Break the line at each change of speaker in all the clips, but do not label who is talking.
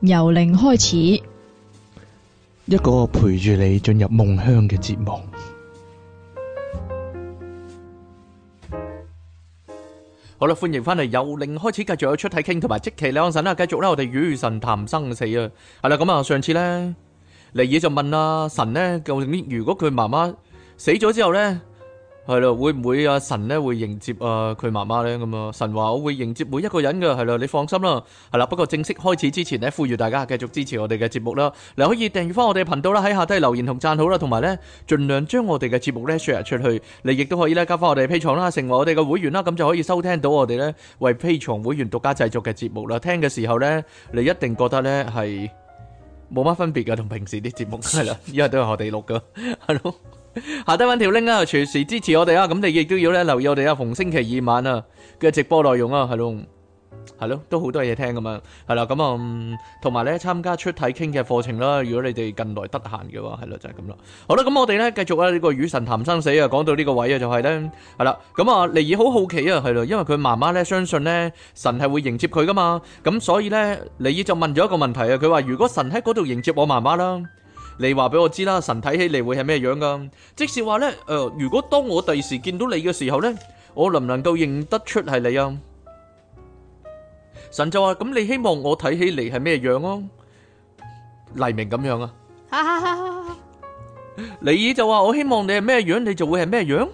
由零開始，一
個陪住你進入夢鄉嘅節目。好啦，歡迎翻嚟由零開始，繼續有出體傾，同埋即期咧，阿神啦，繼續啦，我哋與神談生死啊。係啦，咁啊，上次咧，尼爾就問阿神咧，究竟如果佢媽媽死咗之後咧？係咯，會唔會阿神咧會迎接啊佢媽媽咧咁啊？神話我會迎接每一個人噶，係咯，你放心啦，係啦。不過正式開始之前咧，呼籲大家繼續支持我哋嘅節目啦。你可以訂閱翻我哋嘅頻道啦，喺下底留言同讚好啦，同埋咧盡量將我哋嘅節目咧 share 出去。你亦都可以咧加翻我哋 Patreon 啦，成為我哋嘅會員啦，咁就可以收聽到我哋咧為 Patreon 會員獨家製作嘅節目啦。聽嘅時候咧，你一定覺得咧係冇乜分別噶，同平時啲節目係啦，因為都係我哋錄噶，係咯。 下低搵條 link 啦，隨時支持我哋啊！咁你亦都要咧留意我哋啊，逢星期二晚啊嘅直播內容啊，係咯，係咯，都好多嘢聽噶嘛，係啦，咁、嗯、啊，同埋咧參加出體傾嘅課程啦，如果你哋近來得閒嘅話，係咯就係咁啦。好啦，咁、嗯、我哋咧繼續咧、啊、呢、呢個與神談生死啊，講到呢個位啊，就係咧係啦，咁啊，尼爾好好奇啊，係咯，因為佢媽媽咧相信咧神係會迎接佢噶嘛，咁所以咧尼爾就問咗一個問題啊，佢話如果神喺嗰度迎接我媽媽啦？你話畀我知啦，神睇起嚟會係咩樣噶？即是話咧，誒、呃，如果當我第時見到你嘅時候咧，我能唔能夠認得出係你啊？神就話：「咁你希望我睇起嚟係咩樣啊？」黎明咁樣啊？ 你就話我希望你係咩樣，你就會係咩樣？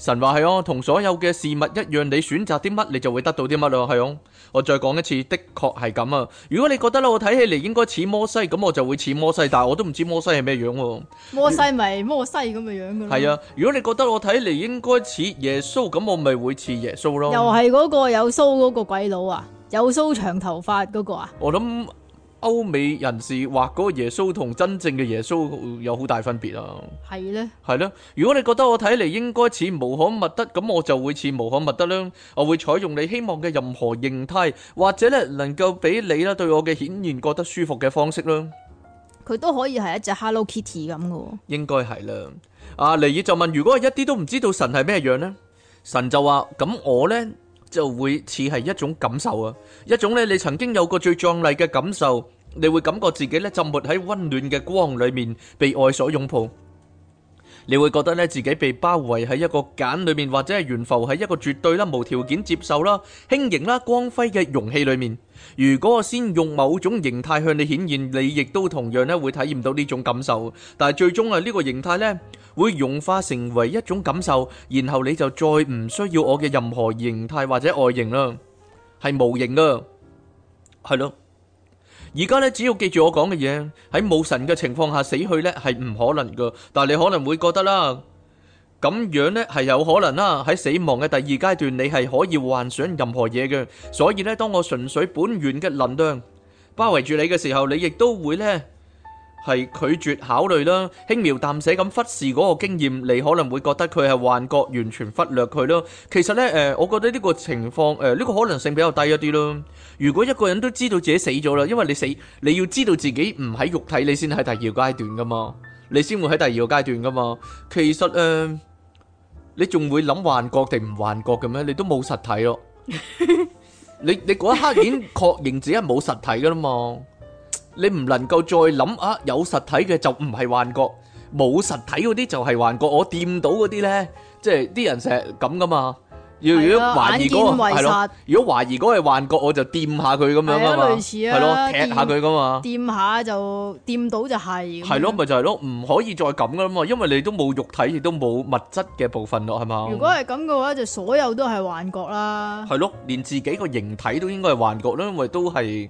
神話係哦、啊，同所有嘅事物一樣，你選擇啲乜，你就會得到啲乜咯，係哦、啊。我再講一次，的確係咁啊。如果你覺得我睇起嚟應該似摩西，咁我就會似摩西，但係我都唔知摩西係咩樣、啊。
摩西咪摩西咁嘅樣
噶咯。係 啊，如果你覺得我睇起嚟應該似耶穌，咁我咪會似耶穌咯。又係
嗰個有鬚嗰個鬼佬啊，有鬚長頭髮嗰個啊。
我諗。歐美人士畫嗰個耶穌同真正嘅耶穌有好大分別啊，係咧係咧。如果你覺得我睇嚟，應該似無可物得，咁我就會似無可物得咧。我會採用你希望嘅任何形態，或者咧能夠俾,你啦對我嘅顯現覺得舒服嘅方式咧。
佢都可以係一隻 Hello Kitty 咁嘅，
應該係啦。阿尼爾就問，如果我一啲都唔知道神係咩樣呢？神就話，咁我咧就會似係一種感受啊，一種咧你曾經有過最壯麗嘅感受。你會感覺自己咧浸沒喺溫暖嘅光裏面，被愛所擁抱。你會覺得咧自己被包圍喺一個繭裏面，或者係懸浮喺一個絕對啦、無條件接受啦、輕盈啦、光輝嘅容器裏面。如果我先用某種形態向你顯現，你亦都同樣咧會體驗到呢種感受。但係最終啊，呢個形態咧會融化成為一種感受，然後你就再唔需要我嘅任何形態或者外形啦，係無形噶，係咯。而家咧，只要記住我講嘅嘢，喺冇神嘅情況下死去咧，係唔可能㗎。但係你可能會覺得啦，咁樣咧係有可能啦。喺死亡嘅第二階段，你係可以幻想任何嘢嘅。所以咧，當我純粹本源嘅能量包圍住你嘅時候，你亦都會咧。係拒絕考慮啦，輕描淡寫咁忽視嗰個經驗，你可能會覺得佢係幻覺，完全忽略佢咯。其實呢，誒、呃，我覺得呢個情況，誒、呃，呢、這個可能性比較低一啲咯。如果一個人都知道自己死咗啦，因為你死，你要知道自己唔喺肉體，你先喺第，第二個階段噶嘛，你先會喺第二個階段噶嘛。其實誒、呃，你仲會諗幻覺定唔幻覺嘅咩？你都冇實體咯， 你你嗰一刻已經確認自己係冇實體噶啦嘛。你唔能夠再諗啊！有實體嘅就唔係幻覺，冇實體嗰啲就係幻覺。我掂到嗰啲咧，即係啲人成日咁噶嘛。如果懷疑嗰個係咯，如果懷疑嗰係幻覺，我就掂下佢咁樣啊嘛。類似啊，係咯，踢下佢噶嘛。
掂下就掂到就係。係咯，
咪就係咯，唔可以再咁噶啦嘛，因為你都冇肉體，亦都冇物質嘅部分咯，係嘛？如果
係咁嘅話，就所有都係幻覺啦。
係咯，連自己個形體都應該係幻覺咯，因為都係。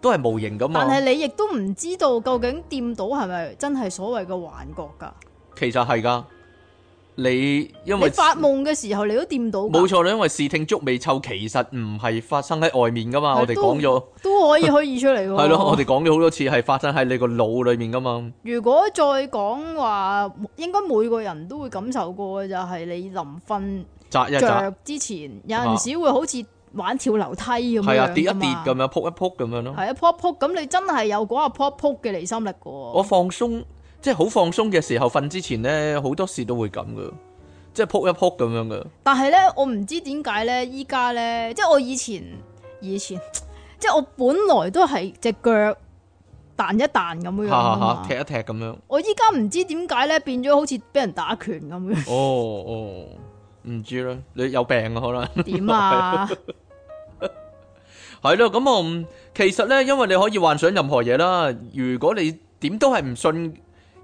都係模型噶嘛，但係你
亦都唔知道究竟掂到係咪真係所謂嘅幻覺噶？
其實係噶，你因為你發
夢嘅時候你都掂到的。冇錯
啦，因為視聽觸味嗅，其實唔係發生喺外面噶嘛。對我哋講咗
都可以虛擬出嚟。係咯， 我
哋講咗好多次，係發生喺你個腦裏面噶嘛。
如果再講話，應該每個人都會感受過嘅就係你臨瞓着之前嗎有陣時會好似。玩跳樓梯咁樣，係啊，跌一跌咁
樣，撲一撲咁樣咯。係
啊，撲一撲咁，你真係有嗰個撲一撲嘅離心力噶、啊、喎。
我放鬆，即係好放鬆嘅時候，瞓之前咧，好多時都會咁噶，即係撲一撲咁樣噶。
但係咧，我唔知點解咧，依家咧，即係我以前，以前，即係我本來都係隻腳彈一彈咁樣的下下，踢
一踢咁樣。
我依家唔知點解咧，變咗好似俾人打拳咁樣哦。哦哦，
唔知啦，你有病啊？可能點啊？ 係咯，咁我其實咧，因為你可以幻想任何嘢啦。如果你點都係唔信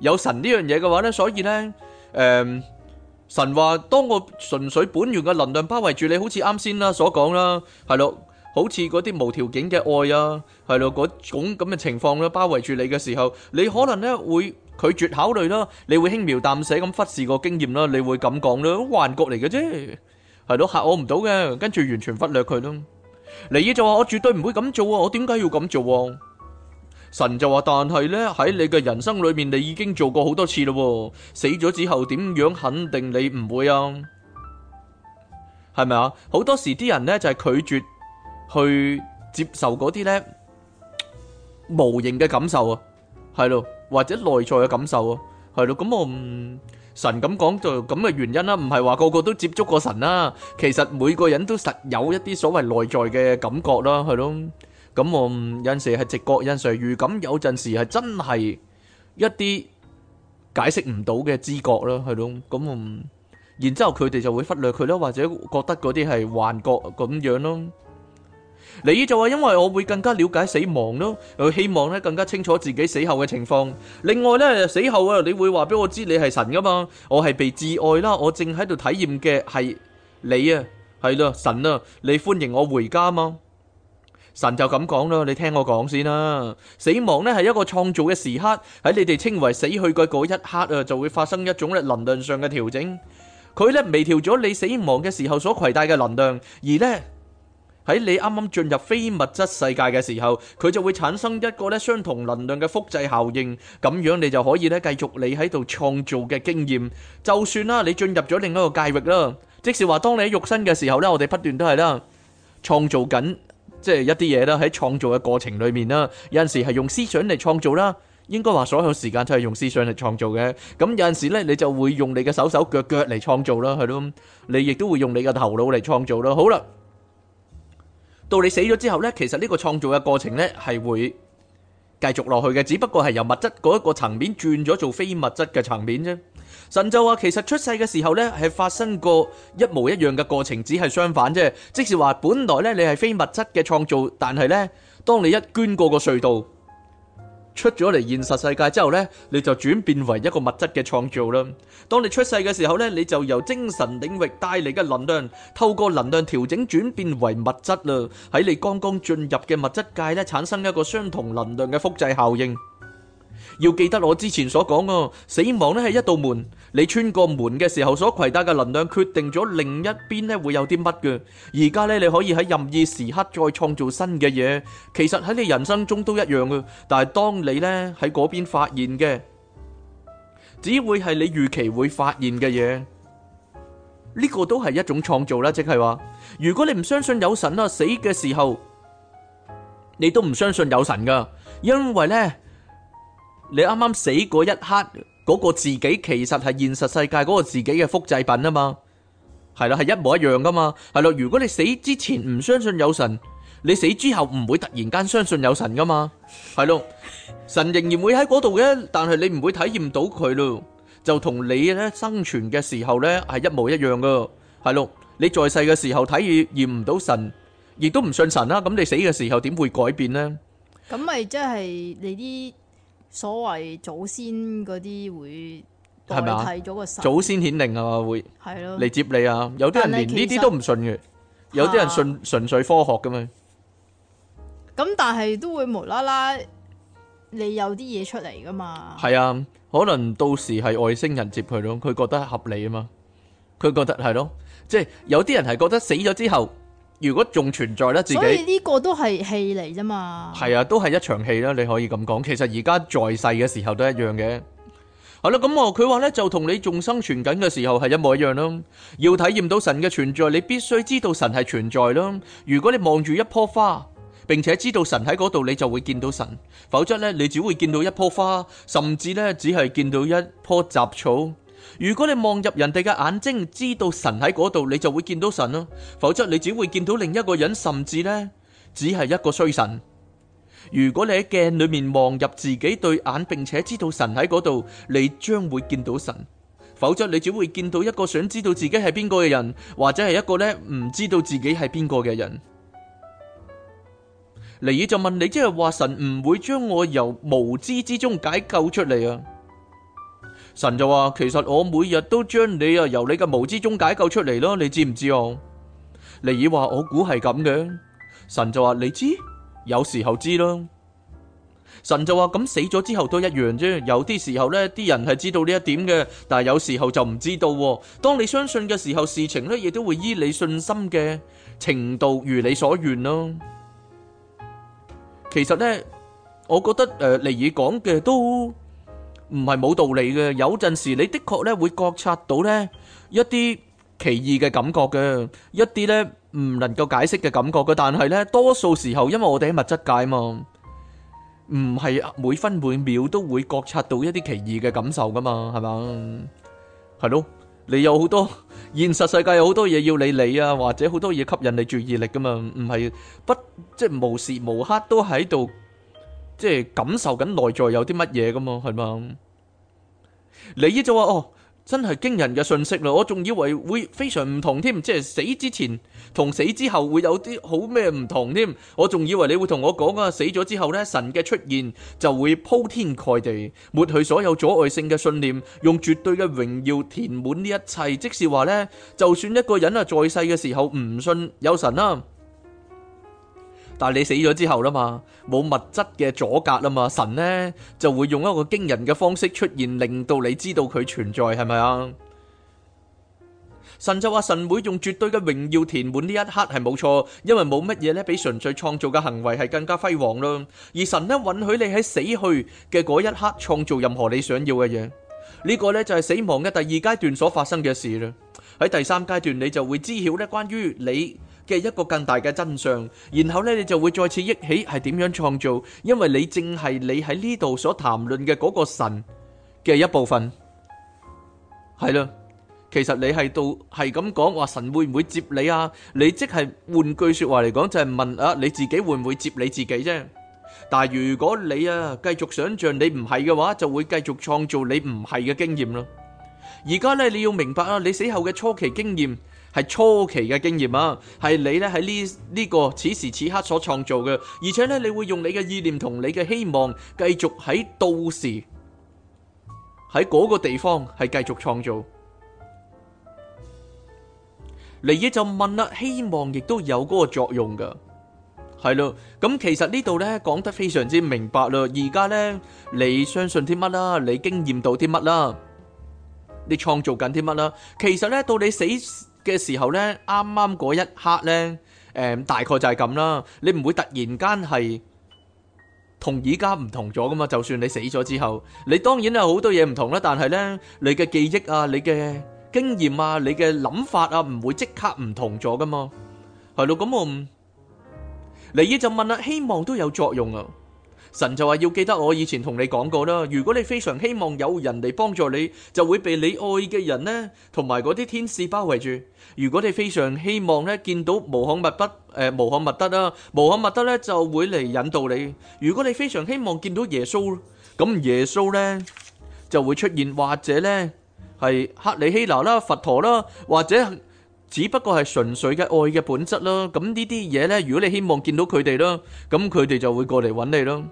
有神呢樣嘢嘅話咧，所以咧，誒，神話當我純粹本源嘅能量包圍住你，好似啱先啦所講啦，係咯，好似嗰啲無條件嘅愛啊，係咯，嗰種咁嘅情況咧包圍住你嘅時候，你可能咧會拒絕考慮啦，你會輕描淡寫咁忽視個經驗啦，你會咁講啦，幻覺嚟嘅啫。係咯，嚇我唔到嘅，跟住完全忽略佢咯。你就話我絕對唔會咁做啊！我點解要咁做？神就話，但係呢，喺你嘅人生裏面，你已經做過好多次咯。死咗之後點樣肯定你唔會啊？係咪啊？好多時啲人呢就係拒絕去接受嗰啲呢無形嘅感受啊，係咯，或者內在嘅感受啊，係咯。咁我唔。神咁講就咁嘅原因啦，唔係話個個都接觸過神啦，其實每個人都實有一啲所謂內在嘅感覺啦，係咯。咁我有陣時係直覺，有陣時預感，有陣時係真係一啲解釋唔到嘅知覺啦，係咯。咁我然之後佢哋就會忽略佢咯，或者覺得嗰啲係幻覺咁樣咯。你就話因為我會更加了解死亡咯，我希望咧更加清楚自己死後嘅情況。另外咧，死後啊，你會話俾我知你係神噶嘛？我係被摯愛啦，我正喺度體驗嘅係你啊，係啦，神啊，你歡迎我回家嘛？神就咁講囉，你聽我講先啦，啊。死亡咧係一個創造嘅時刻，喺你哋稱為死去嘅嗰一刻啊，就會發生一種咧能量上嘅調整，佢咧微調咗你死亡嘅時候所攜帶嘅能量，而咧。喺你啱啱進入非物質世界嘅時候，佢就會產生一個咧相同能量嘅複製效應，咁樣你就可以咧繼續你喺度創造嘅經驗。就算啦，你進入咗另一個界域啦，即使話當你喺肉身嘅時候咧，我哋不斷都係啦，創造緊，即係一啲嘢啦，喺創造嘅過程裏面啦，有陣時係用思想嚟創造啦，應該話所有時間都係用思想嚟創造嘅。咁有陣時咧，你就會用你嘅手手腳腳嚟創造啦，係咯，你亦都會用你嘅頭腦嚟創造啦。好啦。到你死咗之後呢，其實呢個創造嘅過程呢，係會繼續落去嘅，只不過係由物質嗰一個層面轉咗做非物質嘅層面啫。神就話，其實出世嘅時候呢，係發生過一模一樣嘅過程，只係相反啫。即是話本來呢，你係非物質嘅創造，但係呢，當你一捐過個隧道。出咗嚟現實世界之後咧，你就轉變為一個物質嘅創造啦。當你出世嘅時候咧，你就由精神領域帶嚟嘅能量，透過能量調整轉變為物質啦。喺你剛剛進入嘅物質界咧，產生一個相同能量嘅複製效應。要記得我之前所講啊，死亡咧係一道門，你穿過門嘅時候所携帶嘅能量，決定咗另一邊咧會有啲乜嘅。而家你可以喺任意時刻再創造新嘅嘢，其實喺你人生中都一樣嘅。但係當你呢喺嗰邊發現嘅，只會係你預期會發現嘅嘢。呢個都係一種創造啦，即係話，如果你唔相信有神啊，死嘅時候你都唔相信有神噶，因為呢。你啱啱死嗰一刻，嗰個自己其實係現實世界嗰個自己嘅複製品啊嘛，係啦，係一模一樣噶嘛，係咯。如果你死之前唔相信有神，你死之後唔會突然間相信有神噶嘛，係咯。神仍然會喺嗰度嘅，但係你唔會體驗到佢咯，就同你咧生存嘅時候咧係一模一樣噶，係咯。你在世嘅時候體驗唔到神，亦都唔信神啦，咁你死嘅時候點會改變呢？
咁咪即係你啲？所謂祖先嗰啲會係咪？睇咗個祖
先顯靈啊，會
係咯嚟接
你啊。有啲人連呢啲都唔信嘅，有啲人信、啊、純粹科學噶嘛。
咁但係都會無啦啦，你有啲嘢出嚟噶嘛？
係啊，可能到時係外星人接佢咯，佢覺得合理啊嘛。佢覺得係咯、啊，即係有啲人係覺得死咗之後。如果仲存在咧，自己呢
個都係戲嚟啫嘛。
係啊，都係一場戲啦。你可以咁講，其實而家在，在世嘅時候都一樣嘅。係啦、嗯，咁我佢話呢，就同你仲生存緊嘅時候係一模一樣啦。要體驗到神嘅存在，你必須知道神係存在啦。如果你望住一棵花，並且知道神喺嗰度，你就會見到神；否則呢，你只會見到一棵花，甚至呢，只係見到一棵雜草。如果你望入人哋嘅眼睛，知道神喺嗰度，你就會見到神咯；否則你只會見到另一個人，甚至咧只係一個衰神。如果你喺鏡裏面望入自己對眼，並且知道神喺嗰度，你將會見到神；否則你只會見到一個想知道自己係邊個嘅人，或者係一個咧唔知道自己係邊個嘅人。尼爾就問你，即係話神唔會將我由無知之中解救出嚟啊？神就話：其實我每日都將你啊由你嘅無知中解救出嚟咯，你知唔知哦？尼爾話：我估係咁嘅。神就話：你知？有時候知咯。神就話：咁死咗之後都一樣啫。有啲時候呢，啲人係知道呢一點嘅，但係有時候就唔知道。當你相信嘅時候，事情呢亦都會依你信心嘅程度如你所願咯。其實呢，我覺得誒，呃、尼爾講嘅都。唔係冇道理嘅，有陣時你的確咧會覺察到咧一啲奇異嘅感覺嘅，一啲咧唔能夠解釋嘅感覺嘅。但係咧，多數時候因為我哋喺物質界嘛，唔係每分每秒都會覺察到一啲奇異嘅感受噶嘛，係咪？係咯，你有好多現實世界有好多嘢要你理啊，或者好多嘢吸引你注意力噶嘛，唔係，不，即係無時無刻都喺度。即係感受緊內在有啲乜嘢噶嘛，係嘛？你依就話哦，真係驚人嘅信息啦！我仲以為會非常唔同添，即係死之前同死之後會有啲好咩唔同添。我仲以為你會同我講啊，死咗之後呢，神嘅出現就會鋪天蓋地，抹去所有阻礙性嘅信念，用絕對嘅榮耀填滿呢一切。即是話呢，就算一個人啊在世嘅時候唔信有神啊。但你死咗之後啦嘛，冇物質嘅阻隔啦嘛，神呢就會用一個驚人嘅方式出現，令到你知道佢存在係咪啊？神就話神會用絕對嘅榮耀填滿呢一刻係冇錯，因為冇乜嘢咧比純粹創造嘅行為係更加輝煌咯。而神呢允許你喺死去嘅嗰一刻創造任何你想要嘅嘢，呢個咧，就係死亡嘅第二階段所發生嘅事啦。喺第三階段你就會知曉咧關於你嘅一個更大嘅真相，然後咧你就會再次憶起係點樣創造，因為你正係你喺呢度所談論嘅嗰個神嘅一部分，係咯。其實你係到係咁講話神會唔會接你啊？你即係換句說話嚟講，就係問啊你自己會唔會接你自己啫？但係如果你啊繼續想象你唔係嘅話，就會繼續創造你唔係嘅經驗咯。而家咧你要明白啊，你死後嘅初期經驗。係初期嘅經驗啊，係你呢喺呢呢個此時此刻所創造嘅，而且呢你會用你嘅意念同你嘅希望，繼續喺到時喺嗰個地方係繼續創造。你亦就問啦，希望亦都有嗰個作用噶，係咯。咁其實呢度呢講得非常之明白啦。而家呢，你相信啲乜啦？你經驗到啲乜啦？你創造緊啲乜啦？其實呢到你死。嘅時候咧，啱啱嗰一刻咧，誒大概就係咁啦。你唔會突然間係同而家唔同咗噶嘛？就算你死咗之後，你當然有好多嘢唔同啦。但係咧，你嘅記憶啊、你嘅經驗啊、你嘅諗法啊，唔會即刻唔同咗噶嘛？係咯，咁我尼爾就問啦，希望都有作用啊。神就話，要記得我以前同你講過啦，如果你非常希望有人嚟幫助你，就會被你愛嘅人呢，同埋嗰啲天使包圍住。如果你非常希望呢見到穆罕默德，誒穆罕默德啦，穆罕默德呢就會嚟引導你。如果你非常希望見到耶穌，咁耶穌呢就會出現，或者呢係克里希納啦、佛陀啦，或者只不過係純粹嘅愛嘅本質啦。咁呢啲嘢呢，如果你希望見到佢哋啦，咁佢哋就會過嚟揾你囉。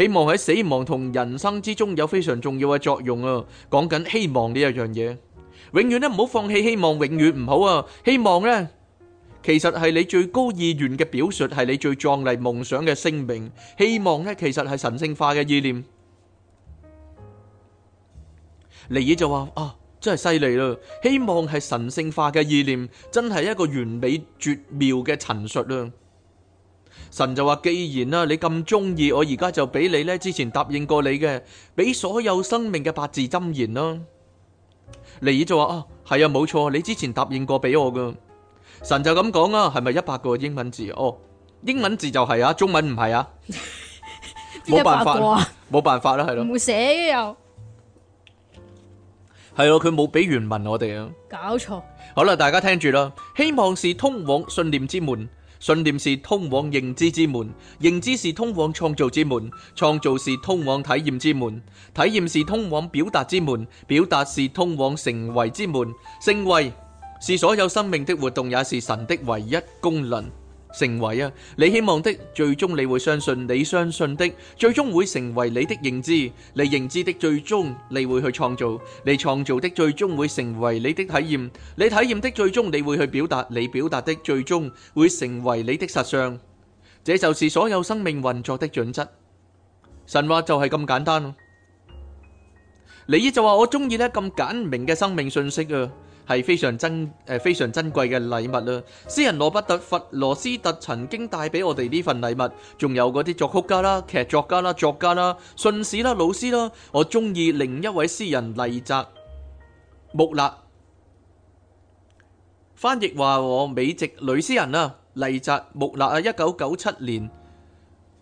希望喺死亡同人生之中有非常重要嘅作用啊！講緊希望呢一樣嘢，永遠呢唔好放棄希望，永遠唔好啊！希望呢，其實係你最高意願嘅表述，係你最壯麗夢想嘅聲明。希望呢，其實係神聖化嘅意念。尼爾就話啊，真係犀利啦！希望係神聖化嘅意念，真係一個完美絕妙嘅陳述啊！神就話：既然啦，你咁中意，我而家就俾你咧。之前答應過你嘅，俾所有生命嘅八字真言啦。尼爾就話、哦、啊，係啊，冇錯，你之前答應過俾我噶。神就咁講啊，係咪一百個英文字？哦，英文字就係啊，中文唔係啊，
冇 辦法，冇、
啊、辦法啦，係咯，唔會
寫嘅又
係咯，佢冇俾原文我哋啊，搞錯。好啦，大家聽住啦，希望是通往信念之門。信念是通往認知之門，認知是通往創造之門，創造是通往體驗之門，體驗是通往表達之門，表達是通往成為之門，成為是所有生命的活動，也是神的唯一功能。成為啊！你希望的最終你會相信，你相信的最終會成為你的認知，你認知的最終你會去創造，你創造的最終會成為你的體驗，你體驗的最終你會去表達，你表達的最終會成為你的實相。這就是所有生命運作的準則。神話就係咁簡單。你李就話我中意呢咁簡明嘅生命信息啊！係非常珍誒，非常珍貴嘅禮物啦。詩人羅伯特弗羅斯特曾經帶俾我哋呢份禮物，仲有嗰啲作曲家啦、劇作家啦、作家啦、信使啦、老師啦。我中意另一位詩人麗澤穆勒，翻譯話我美籍女詩人啦。麗澤穆勒啊，一九九七年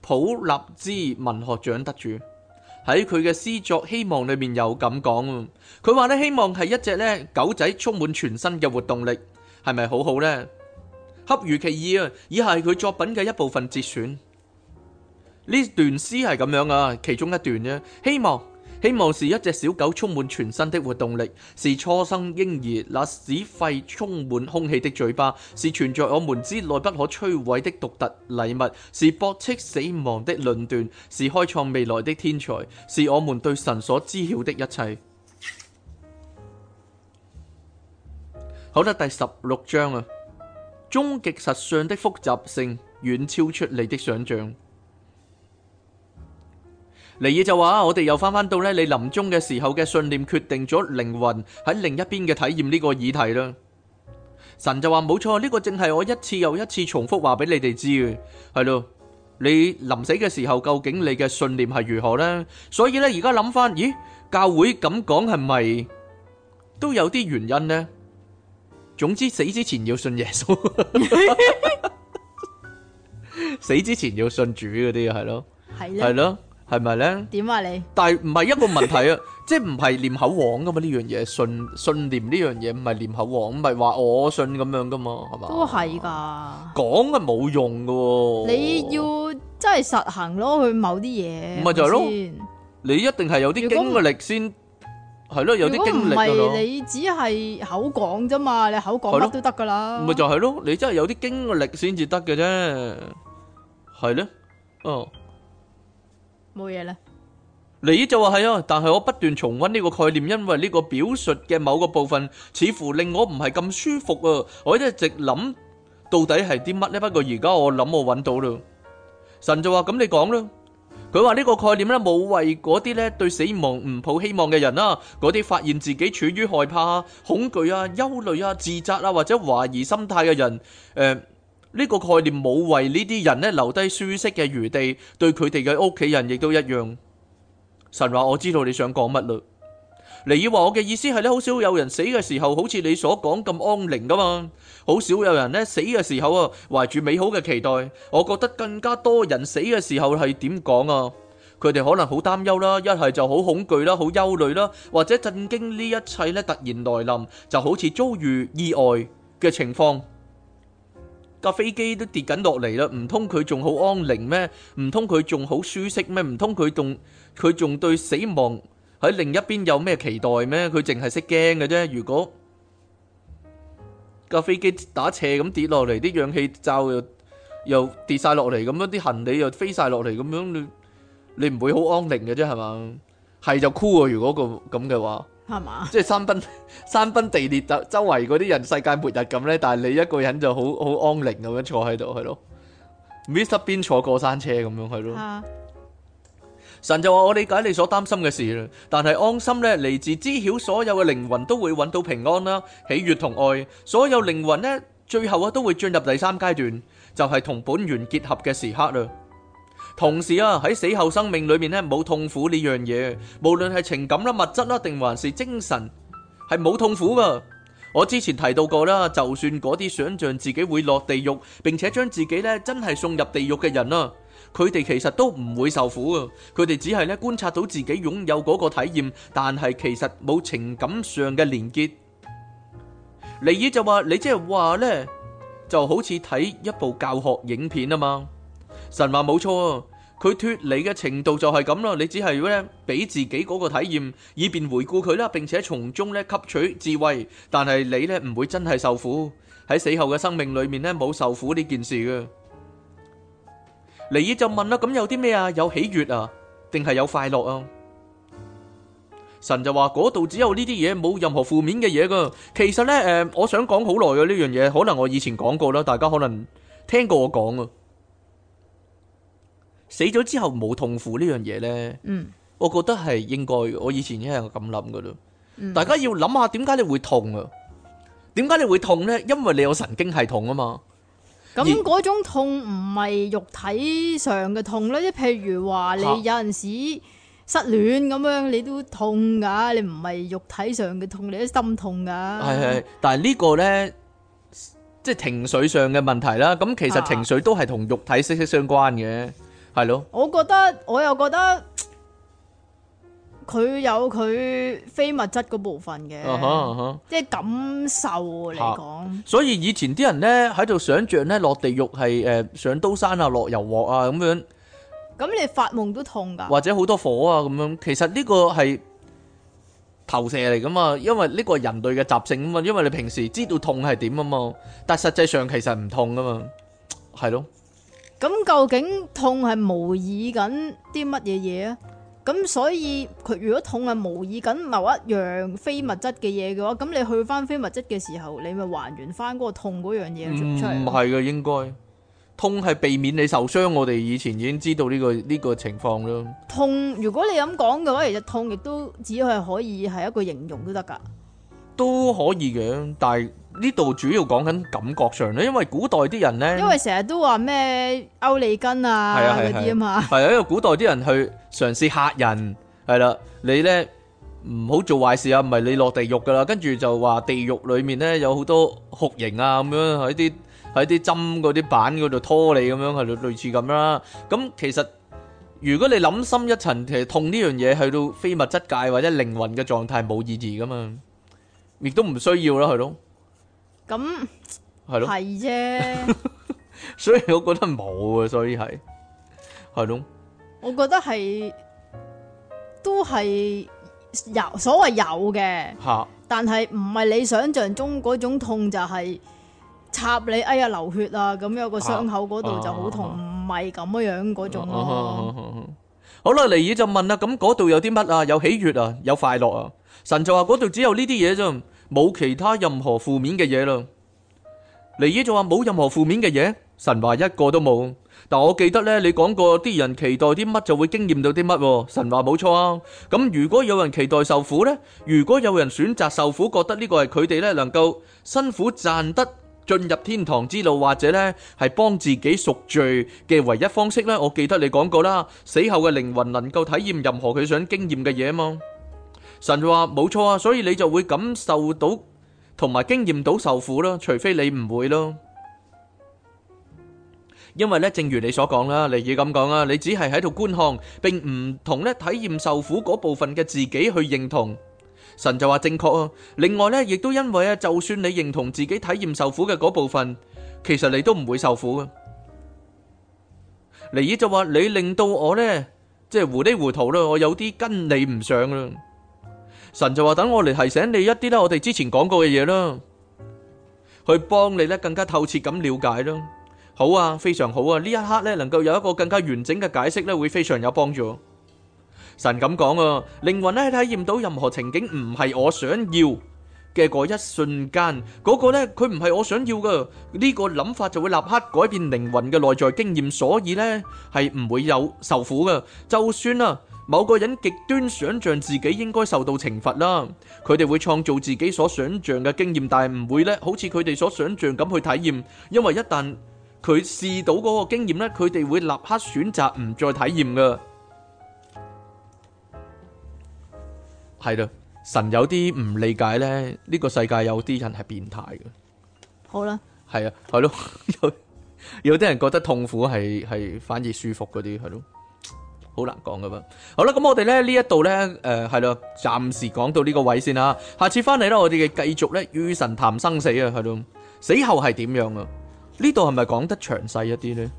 普立茲文學獎得主。喺佢嘅詩作《希望》裏面有咁講，佢話咧，希望係一隻咧狗仔充滿全身嘅活動力，係咪好好呢？恰如其意啊！以下係佢作品嘅一部分節選，呢段詩係咁樣啊，其中一段啫。希望。希望是一隻小狗充滿全身的活動力，是初生嬰兒那使肺充滿空氣的嘴巴，是存在我們之內不可摧毀的獨特禮物，是駁斥死亡的論斷，是開創未來的天才，是我們對神所知曉的一切。好啦，第十六章啊，終極實相的複雜性遠超出你的想象。尼爾就話啊，我哋又翻翻到咧，你臨終嘅時候嘅信念決定咗靈魂喺另一邊嘅體驗呢個議題啦。神就話冇錯，呢個正係我一次又一次重複話俾你哋知嘅，係咯。你臨死嘅時候究竟你嘅信念係如何咧？所以咧而家諗翻，咦？教會咁講係咪都有啲原因咧？總之死之前要信耶穌，死之前要信主嗰啲係咯，係咯。係咪咧？點啊你？但係唔係一個問題啊， 即係唔係念口簧噶嘛？呢樣嘢信信念呢樣嘢唔係念口簧，唔係話我信咁樣噶嘛？係嘛？都
係噶，
講係冇用噶，啊。你
要真係實行是是咯，去某啲嘢。唔係就係咯，
你一定係有啲經歷先係咯，有啲經歷咯。唔係你
只係口講啫嘛，你口講乜都得噶啦。咪
就係咯，你真係有啲經歷先至得嘅啫，係咧，哦，啊。冇嘢啦，你就話係啊，但係我不斷重溫呢個概念，因為呢個表述嘅某個部分似乎令我唔係咁舒服啊，我一直諗到底係啲乜呢？不過而家我諗我揾到啦，神就話咁你講啦，佢話呢個概念呢，冇為嗰啲呢對死亡唔抱希望嘅人啦，嗰啲發現自己處於害怕、恐懼啊、憂慮啊、自責啊或者懷疑心態嘅人誒。呢個概念冇為呢啲人咧，留低舒適嘅餘地，對佢哋嘅屋企人亦都一樣。神話我知道你想講乜嘞。尼爾話我嘅意思係咧，好少有人死嘅時候好似你所講咁安寧噶嘛，好少有人死嘅時候啊，懷住美好嘅期待。我覺得更加多人死嘅時候係點講啊？佢哋可能好擔憂啦，一係就好恐懼啦，好憂慮啦，或者震驚呢一切突然來臨，就好似遭遇意外嘅情況。架飛機都跌緊落嚟啦，唔通佢仲好安寧咩？唔通佢仲好舒適咩？唔通佢仲佢仲對死亡喺另一邊有咩期待咩？佢淨係識驚嘅啫。如果架飛機打斜咁跌落嚟，啲氧氣罩又又跌晒落嚟，咁樣啲行李又飛晒落嚟，咁樣你你唔會好安寧嘅啫，係嘛？係就酷啊！如果個咁嘅話。即係山崩山崩地裂，就周圍嗰啲人世界末日咁呢。但係你一個人就好好安寧咁樣坐喺度係咯。Mr Bean 坐過山車咁樣去咯。的啊、神就話：我理解你所擔心嘅事啦，但係安心呢，嚟自知曉所有嘅靈魂都會揾到平安啦、喜悅同愛。所有靈魂呢，最後啊都會進入第三階段，就係、是、同本源結合嘅時刻啦。同時啊，喺死後生命裏面呢，冇痛苦呢樣嘢，無論係情感啦、物質啦，定還是精神，係冇痛苦噶。我之前提到過啦，就算嗰啲想像自己會落地獄，並且將自己呢真係送入地獄嘅人啊，佢哋其實都唔會受苦啊。佢哋只係呢觀察到自己擁有嗰個體驗，但係其實冇情感上嘅連結。尼爾就話：你即係話呢，就好似睇一部教學影片啊嘛。神話冇錯，佢脫離嘅程度就係咁咯。你只係咧俾自己嗰個體驗，以便回顧佢啦，並且從中咧吸取智慧。但係你咧唔會真係受苦，喺死後嘅生命裏面咧冇受苦呢件事噶。尼爾就問啦：咁有啲咩啊？有喜悅啊？定係有快樂啊？神就話：嗰度只有呢啲嘢，冇任何負面嘅嘢噶。其實咧，誒，我想講好耐嘅呢樣嘢，可能我以前講過啦，大家可能聽過我講啊。死咗之後冇痛苦呢樣嘢呢？嗯，我覺得係應該。我以前已經係咁諗噶啦。嗯、大家要諗下點解你會痛啊？點解你會痛呢？因為你有神經系統啊嘛。咁嗰、嗯、
而種痛唔係肉體上嘅痛呢？即譬如話你有陣時失戀咁樣，你都痛噶。你唔係肉體上嘅痛，你都心痛噶。係係，
但係呢個呢，即、就、係、是、情緒上嘅問題啦。咁其實情緒都係同肉體息息相關嘅。係咯，
我覺得我又覺得佢有佢非物質嗰部分嘅，即係、uh huh, uh huh, 感受嚟、啊、講。
是說所以以前啲人呢，喺度想象咧，落地獄係誒上刀山啊，落油鑊啊咁樣。
咁你發夢都痛噶？或
者好多火啊咁樣。其實呢個係投射嚟噶嘛，因為呢個人類嘅習性啊嘛，因為你平時知道痛係點啊嘛，但係實際上其實唔痛噶嘛，係咯。
咁究竟痛係模擬緊啲乜嘢嘢啊？咁所以佢如果痛係模擬緊某一樣非物質嘅嘢嘅話，咁你去翻非物質嘅時候，你咪還原翻嗰個痛嗰樣嘢出嚟。唔
係嘅，應該。痛係避免你受傷。我哋以前已經知道呢個呢個情況咯。
痛如果你咁講嘅話，其實痛亦都只係可以係一個形容都得㗎，
都可以嘅，但係。呢度主要講緊感覺上咧，因為古代啲人咧，因為
成日都話咩勾脷根啊，嗰啲啊嘛，係
啊，因為古代啲人去嘗試嚇人係啦，你咧唔好做壞事啊，唔係你落地獄噶啦。跟住就話地獄裡面咧有好多酷刑啊，咁樣喺啲喺啲針嗰啲板嗰度拖你咁樣係類類似咁啦。咁其實如果你諗深一層，其實痛呢樣嘢去到非物質界或者靈魂嘅狀態冇意義噶嘛，亦都唔需要啦，係咯。咁係咯，係
啫，的
的 所以我覺得冇啊，所以係，係咯，
我覺得係都係有，所謂有嘅，吓哈，但係唔係你想象中嗰種痛就係、是、插你哎呀流血啊，咁有個傷口嗰度就好痛，唔係咁樣樣嗰種咯、啊。
好啦，尼爾就問啦、啊，咁嗰度有啲乜啊？有喜悅啊，有快樂啊？神就話嗰度只有呢啲嘢啫。冇其他任何負面嘅嘢啦，尼爾就話，冇任何負面嘅嘢，神話一個都冇。但我記得咧，你講過啲人期待啲乜就會經驗到啲乜。神話冇錯啊。咁如果有人期待受苦咧，如果有人選擇受苦，覺得呢個係佢哋咧能夠辛苦賺得進入天堂之路，或者咧係幫自己贖罪嘅唯一方式咧，我記得你講過啦，死後嘅靈魂能夠體驗任何佢想經驗嘅嘢嘛。神就話冇錯啊，所以你就會感受到同埋經驗到受苦啦，除非你唔會咯。因為咧，正如你所講啦，尼爾咁講啦，你只係喺度觀看，並唔同咧體驗受苦嗰部分嘅自己去認同。神就話正確啊。另外咧，亦都因為啊，就算你認同自己體驗受苦嘅嗰部分，其實你都唔會受苦啊。尼爾就話你令到我咧，即係糊裏糊塗啦，我有啲跟你唔上啦。神就話：等我嚟提醒你一啲咧，我哋之前講過嘅嘢啦，去幫你咧更加透徹咁了解咯。好啊，非常好啊！呢一刻咧能夠有一個更加完整嘅解釋咧，會非常有幫助。神咁講啊，靈魂咧體驗到任何情景唔係我想要嘅，嗰一瞬間，嗰個咧佢唔係我想要嘅，呢個諗法就會立刻改變靈魂嘅內在經驗，所以咧係唔會有受苦嘅，就算啊。某個人極端想像自己應該受到懲罰啦，佢哋會創造自己所想像嘅經驗，但係唔會咧，好似佢哋所想像咁去體驗，因為一旦佢試到嗰個經驗咧，佢哋會立刻選擇唔再體驗嘅。係咯吧，神有啲唔理解咧，呢個世界有啲人係變態嘅。好啦，係啊，係咯，有有啲人覺得痛苦係係反而舒服嗰啲，係咯。好難講噶噃，好啦，咁我哋咧呢一度咧，誒係咯，暫時講到呢個位先啦。下次翻嚟咧，我哋嘅繼續咧，與神談生死啊，係咯，死後係點樣啊？呢度係咪講得詳細一啲咧？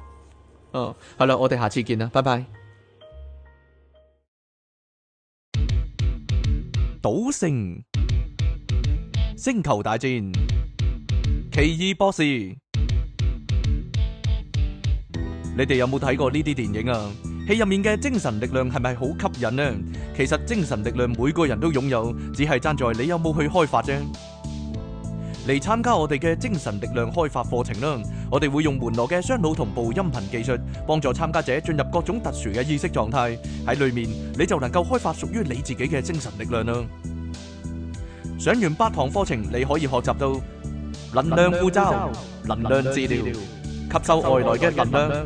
啊，係啦，我哋下次見啦，拜拜。賭聖、星球大戰、奇異博士，你哋有冇睇過呢啲電影啊？戲入面嘅精神力量係咪好吸引呢？其實精神力量每個人都擁有，只係站在你有冇去開發啫。嚟參加我哋嘅精神力量開發課程啦，我哋會用門羅嘅雙腦同步音頻技術，幫助參加者進入各種特殊嘅意識狀態，喺裏面你就能夠開發屬於你自己嘅精神力量啦。上完八堂課程，你可以學習到能量護罩、能量治療、吸收外來嘅能量。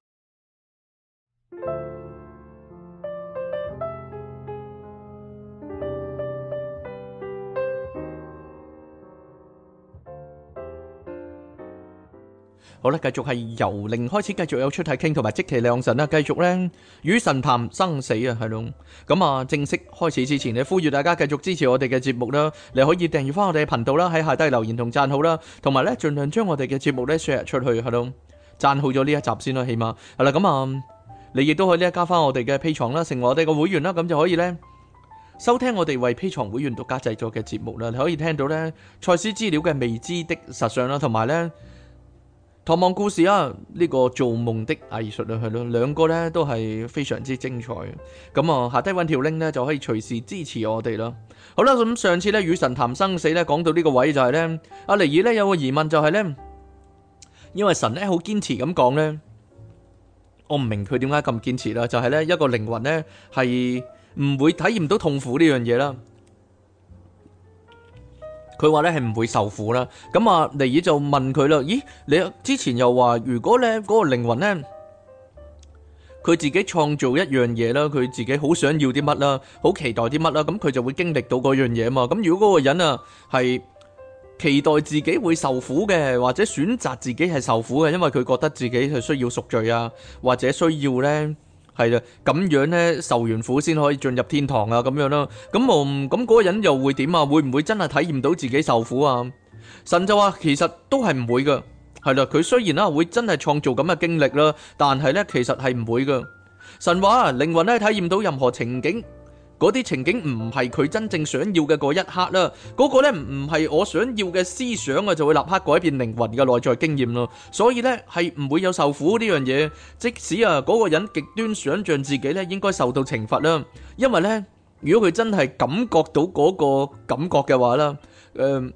好啦，繼續係由零開始，繼續有出體傾，同埋即其兩神啦，繼續呢，與神談生死啊，係咯。咁啊，正式開始之前你呼籲大家繼續支持我哋嘅節目啦，你可以訂閱翻我哋嘅頻道啦，喺下低留言同讚好啦，同埋呢，盡量將我哋嘅節目呢 share 出去，係咯，讚好咗呢一集先啦，起碼係啦。咁啊，你亦都可以呢加翻我哋嘅 P 床、啦，成為我哋嘅會員啦，咁就可以呢，收聽我哋為 P 床會員獨家製作嘅節目啦，你可以聽到呢，賽斯資料嘅未知的實相啦，同埋呢。《唐夢故事》啊，呢個做夢的藝術啊，係咯，兩個咧都係非常之精彩。咁啊，下低揾條 link 咧就可以隨時支持我哋啦。好啦，咁上次咧與神談生死咧講到呢個位就係咧，阿尼爾咧有個疑問就係咧，因為神咧好堅持咁講咧，我唔明佢點解咁堅持啦，就係咧一個靈魂咧係唔會體驗到痛苦呢樣嘢啦。佢話咧，係唔會受苦啦，咁啊尼爾就問佢啦，咦，你之前又話如果咧嗰個靈魂咧，佢自己創造一樣嘢啦，佢自己好想要啲乜啦，好期待啲乜啦，咁佢就會經歷到嗰樣嘢啊嘛，咁如果嗰個人啊係期待自己會受苦嘅，或者選擇自己係受苦嘅，因為佢覺得自己係需要贖罪啊，或者需要咧。係啦，咁樣咧受完苦先可以進入天堂啊，咁樣囉，咁我咁嗰個人又會點啊？會唔會真係體驗到自己受苦啊？神就話其實都係唔會㗎，係啦，佢雖然啦會真係創造咁嘅經歷啦，但係咧其實係唔會㗎。神話啊，靈魂咧體驗到任何情景。嗰啲情景唔係佢真正想要嘅嗰一刻啦，嗰個呢唔係我想要嘅思想啊，就會立刻改變靈魂嘅內在經驗咯。所以呢係唔會有受苦呢樣嘢，即使啊嗰個人極端想象自己呢應該受到懲罰啦，因為呢如果佢真係感覺到嗰個感覺嘅話啦，誒，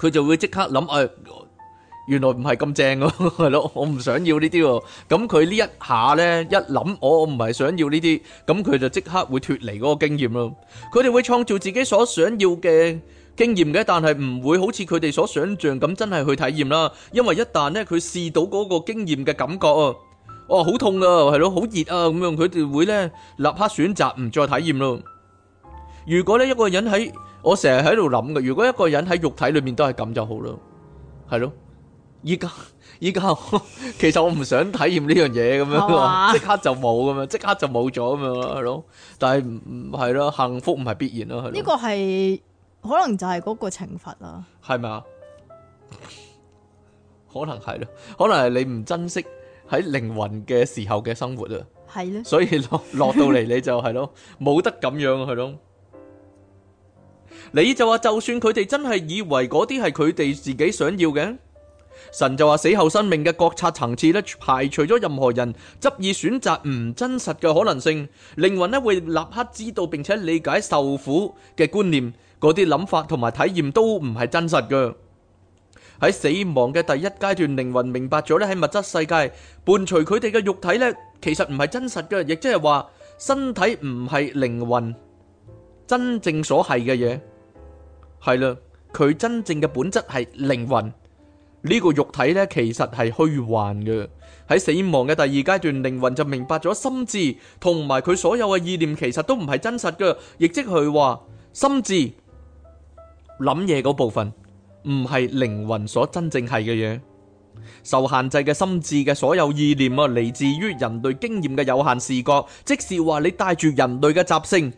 佢就會即刻諗誒。原來唔係咁正咯，係咯，我唔想要呢啲喎。咁佢呢一下呢，一諗我唔係想要呢啲，咁佢就即刻會脫離嗰個經驗咯。佢哋會創造自己所想要嘅經驗嘅，但係唔會好似佢哋所想象咁真係去體驗啦。因為一旦呢佢試到嗰個經驗嘅感覺啊，哇好痛啊，係咯，好熱啊咁樣，佢哋會呢立刻選擇唔再體驗咯。如果呢一個人喺，我成日喺度諗嘅，如果一個人喺肉體裏面都係咁就好咯，係咯。依家依家，其實我唔想體驗呢樣嘢咁樣，即刻就冇咁樣，即刻就冇咗咁樣咯。係咯。但係，係咯，幸福唔係必然咯。呢個係
可能就係嗰個懲罰啦，
係咪啊？可能係咯，可能係你唔珍惜喺靈魂嘅時候嘅生活啊，係咯。所以落落到嚟你就係咯，冇得咁樣，係咯。你就話就算佢哋真係以為嗰啲係佢哋自己想要嘅。神就話死後生命嘅覺察層次咧，排除咗任何人執意選擇唔真實嘅可能性。靈魂呢，會立刻知道並且理解受苦嘅觀念，嗰啲諗法同埋體驗都唔係真實嘅。喺死亡嘅第一階段，靈魂明白咗咧，喺物質世界，伴隨佢哋嘅肉體呢，其實唔係真實嘅，亦即係話身體唔係靈魂真正所係嘅嘢，係啦，佢真正嘅本質係靈魂。呢個肉體咧，其實係虛幻嘅，喺死亡嘅第二階段，靈魂就明白咗心智同埋佢所有嘅意念其實都唔係真實嘅，亦即係話心智諗嘢嗰部分唔係靈魂所真正係嘅嘢，受限制嘅心智嘅所有意念啊嚟自於人類經驗嘅有限視覺，即是話你帶住人類嘅習性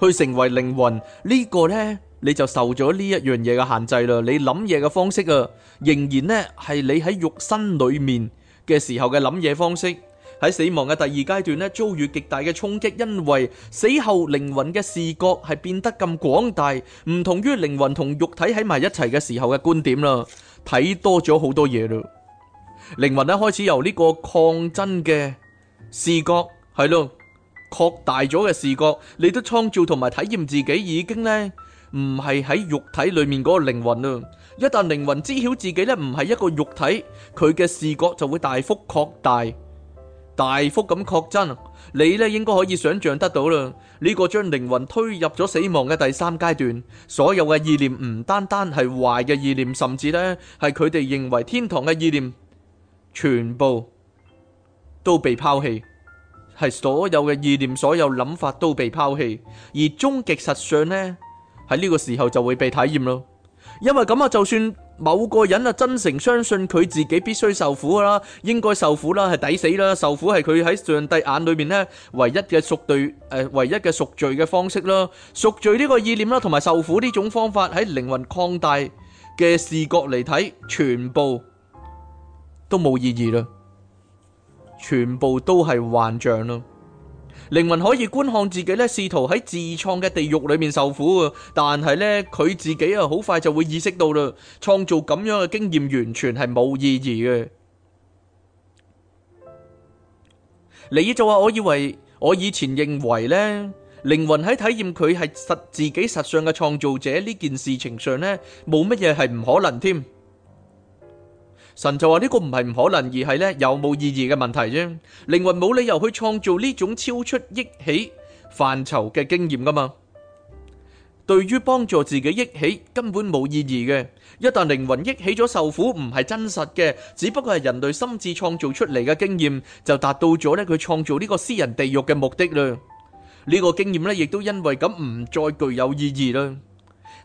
去成為靈魂呢、這個呢。你就受咗呢一樣嘢嘅限制啦。你諗嘢嘅方式啊，仍然呢係你喺肉身裏面嘅時候嘅諗嘢方式。喺死亡嘅第二階段呢，遭遇極大嘅衝擊，因為死後靈魂嘅視覺係變得咁廣大，唔同於靈魂同肉體喺埋一齊嘅時候嘅觀點啦，睇多咗好多嘢嘞。靈魂呢開始由呢個擴增嘅視覺係咯，擴大咗嘅視覺，你都創造同埋體驗自己已經呢。唔係喺肉體裏面嗰個靈魂啦，一旦靈魂知曉自己呢唔係一個肉體，佢嘅視覺就會大幅擴大，大幅咁擴增。你呢應該可以想象得到啦，呢個將靈魂推入咗死亡嘅第三階段，所有嘅意念唔單單係壞嘅意念，甚至呢係佢哋認為天堂嘅意念，全部都被拋棄，係所有嘅意念、所有諗法都被拋棄，而終極實相呢。喺呢個時候就會被體驗咯，因為咁啊，就算某個人啊真誠相信佢自己必須受苦啦，應該受苦啦，係抵死啦，受苦係佢喺上帝眼裏面咧唯一嘅贖罪誒，唯一嘅贖罪嘅方式啦，贖罪呢個意念啦，同埋受苦呢種方法喺靈魂擴大嘅視覺嚟睇，全部都冇意義啦，全部都係幻象咯。靈魂可以觀看自己咧，試圖喺自創嘅地獄裏面受苦啊！但係咧，佢自己啊，好快就會意識到啦，創造咁樣嘅經驗完全係冇意義嘅。你就話，我以為我以前認為咧，靈魂喺體驗佢係實自己實相嘅創造者呢件事情上咧，冇乜嘢係唔可能添。神就話呢個唔係唔可能，而係咧有冇意義嘅問題啫。靈魂冇理由去創造呢種超出憶起範疇嘅經驗噶嘛。對於幫助自己憶起根本冇意義嘅。一旦靈魂憶起咗受苦，唔係真實嘅，只不過係人類心智創造出嚟嘅經驗，就達到咗咧佢創造呢個私人地獄嘅目的啦。呢、這個經驗咧，亦都因為咁唔再具有意義啦。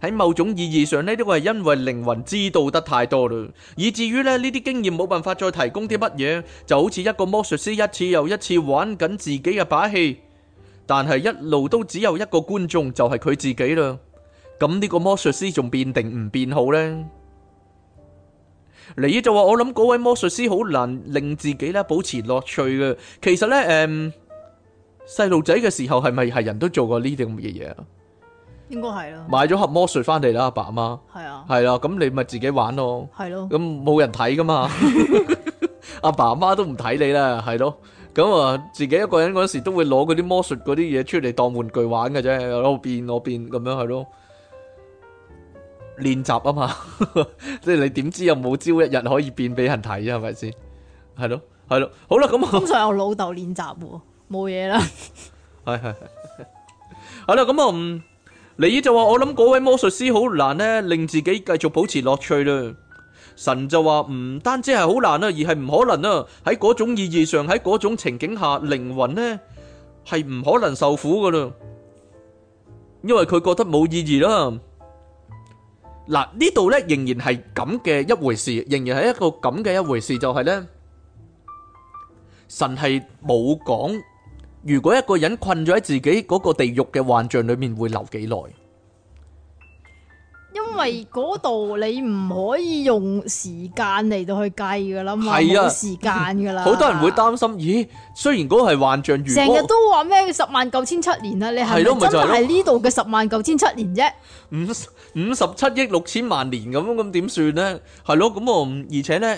喺某種意義上呢都係因為靈魂知道得太多啦，以至於呢呢啲經驗冇辦法再提供啲乜嘢，就好似一個魔術師一次又一次玩緊自己嘅把戲，但係一路都只有一個觀眾就係、是、佢自己啦。咁呢個魔術師仲變定唔變好呢？尼爾就話：我諗嗰位魔術師好難令自己保持樂趣嘅。其實呢，誒、嗯，細路仔嘅時候係咪係人都做過呢啲咁嘅嘢啊？
應該係啦，買
咗盒魔術翻嚟啦，阿爸阿媽，
係
啊，係啦，咁你咪自己玩咯，係咯，咁冇人睇噶嘛，阿 爸阿媽都唔睇你啦，係咯，咁啊，自己一個人嗰時都會攞嗰啲魔術嗰啲嘢出嚟當玩具玩嘅啫，攞變我變咁樣係咯，練習啊嘛，即 係你點知有冇朝一日可以變俾人睇啊？係咪先？係咯，係咯，咯，好啦，咁通
常係我老豆練習，冇嘢啦，係
係係，好 啦，咁啊尼爾就話：我諗嗰位魔術師好難呢，令自己繼續保持樂趣啦。神就話：唔單止係好難啊，而係唔可能啊。喺嗰種意義上，喺嗰種情景下，靈魂呢係唔可能受苦噶啦，因為佢覺得冇意義啦。嗱，呢度呢仍然係咁嘅一回事，仍然係一個咁嘅一回事，就係呢，神係冇講。如果一個人困咗喺自己嗰、嗰個地獄嘅幻象裏面，會留幾耐？
因為嗰度你唔可以用時間嚟到去計噶啦嘛，啊， 冇時間噶啦。好多人
會擔心，咦？雖然嗰個係幻象，成日都
話咩十萬九千七年啦，你係咪真係呢度嘅十萬九千七
年啫？五 五十七億六千萬年咁咯，咁點算呢？係咯，咁我而且呢，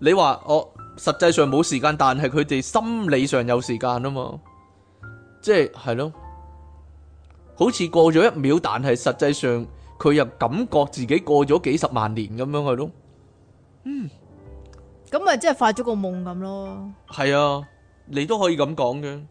你話我、哦、實際上冇時間，但係佢哋心理上有時間啊嘛。即係係咯，好似過咗一秒，但係實際上佢又感覺自己過咗幾十萬年咁樣係咯。嗯，
咁咪即係發咗個夢咁咯。
係啊，你都可以咁講嘅。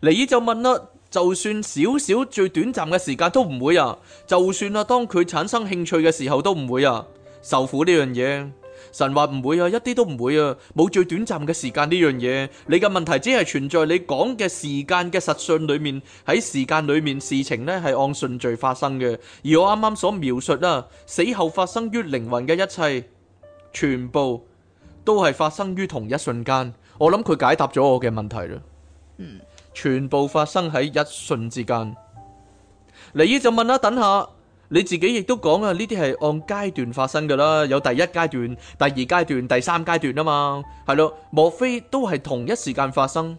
你就問啦，就算少少最短暫嘅時間都唔會啊，就算啊，當佢產生興趣嘅時候都唔會啊，受苦呢樣嘢。神話唔會啊，一啲都唔會啊，冇最短暫嘅時間呢樣嘢。你嘅問題只係存在你講嘅時間嘅實相裏面，喺時間裏面事情呢係按順序發生嘅。而我啱啱所描述啦、啊，死後發生於靈魂嘅一切，全部都係發生於同一瞬間。我諗佢解答咗我嘅問題啦。嗯、全部發生喺一瞬之間。尼依就問啦、啊，等下。你自己亦都講啊，呢啲係按階段發生噶啦，有第一階段、第二階段、第三階段啊嘛，係咯，莫非都係同一時間發生？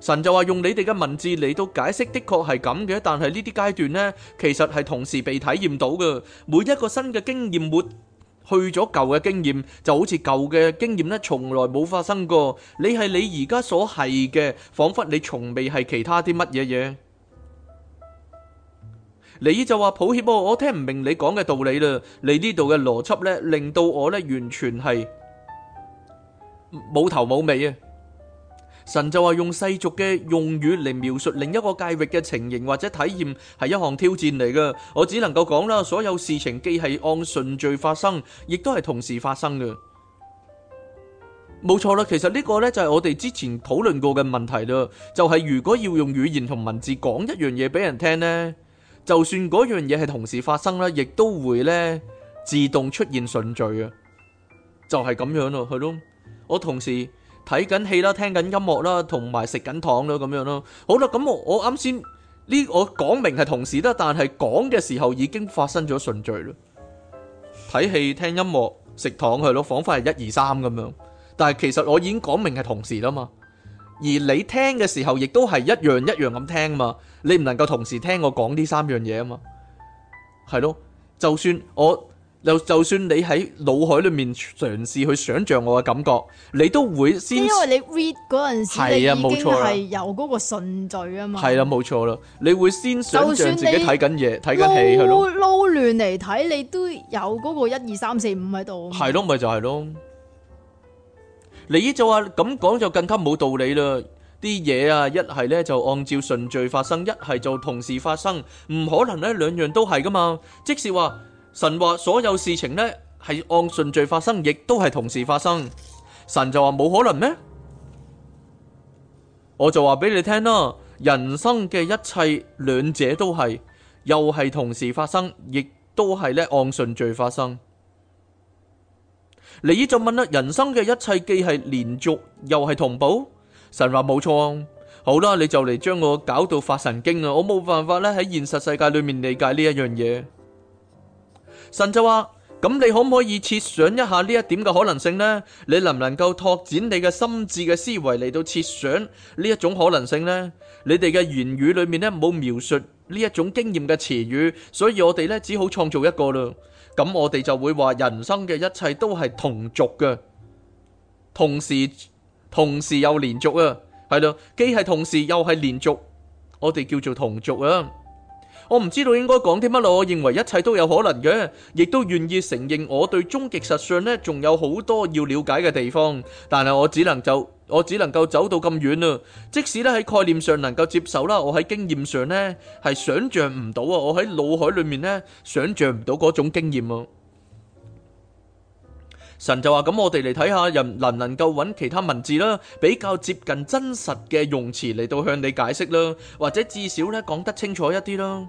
神就話用你哋嘅文字嚟到解釋，的確係咁嘅。但係呢啲階段呢，其實係同時被體驗到嘅。每一個新嘅經驗抹去咗舊嘅經驗，就好似舊嘅經驗呢，從來冇發生過。你係你而家所係嘅，仿佛你從未係其他啲乜嘢嘢。你就話抱歉，我聽唔明你講嘅道理啦。你呢度嘅邏輯呢，令到我呢完全係冇頭冇尾啊！神就話，用世俗嘅用語嚟描述另一個界域嘅情形或者體驗，係一項挑戰嚟㗎。我只能夠講啦，所有事情既係按順序發生，亦都係同時發生嘅。冇錯啦，其實呢個呢就係我哋之前討論過嘅問題啦，就係如果要用語言同文字講一樣嘢俾人聽呢。就算嗰樣嘢係同時發生啦，亦都會呢自動出現順序啊，就係咁樣咯，係咯。我同時睇緊戲啦，聽緊音樂啦，同埋食緊糖啦，咁樣咯。好啦，咁我我啱先呢，我講明係同時啦，但係講嘅時候已經發生咗順序啦。睇戲、聽音樂、食糖，係咯，仿佛係一二三咁樣。但係其實我已經講明係同時啦嘛，而你聽嘅時候亦都係一樣一樣咁聽嘛。你唔能夠同時聽我講呢三樣嘢啊嘛，係咯，就算我又就算你喺腦海裏面嘗試去想象我嘅感覺，你都會先。因
為你 read 嗰陣時，係啊，冇錯，已經係有嗰個順序啊嘛。係啦，
冇錯啦，你會先想象自己睇緊嘢，睇緊戲係咯。撈
撈亂嚟睇，你都有嗰個一二三四五喺度。係
咯，咪就係咯。你就話咁講就更加冇道理啦。啲嘢啊，一係呢就按照順序發生，一係就同時發生，唔可能呢兩樣都係噶嘛。即是話神話所有事情呢係按順序發生，亦都係同時發生。神就話冇可能咩？我就話俾你聽啦，人生嘅一切兩者都係，又係同時發生，亦都係呢按順序發生。你呢就問啦，人生嘅一切既係連續，又係同步。神話冇錯，好啦，你就嚟將我搞到發神經啊！我冇辦法咧喺現實世界裏面理解呢一樣嘢。神就話：咁你可唔可以設想一下呢一點嘅可能性呢？你能唔能夠拓展你嘅心智嘅思維嚟到設想呢一種可能性呢？你哋嘅言語裏面呢，冇描述呢一種經驗嘅詞語，所以我哋呢，只好創造一個啦。咁我哋就會話人生嘅一切都係同族嘅，同時，同時又連續啊，係咯，既係同時又係連續，我哋叫做同續啊。我唔知道應該講啲乜咯。我認為一切都有可能嘅，亦都願意承認我對終極實相咧，仲有好多要了解嘅地方。但係我只能就我只能夠走到咁遠啊。即使咧喺概念上能夠接受啦，我喺經驗上咧係想像唔到啊。我喺腦海裡面咧想像唔到嗰種經驗啊。神就話：咁我哋嚟睇下，人能唔能夠揾其他文字啦，比較接近真實嘅用詞嚟到向你解釋啦，或者至少咧講得清楚一啲啦。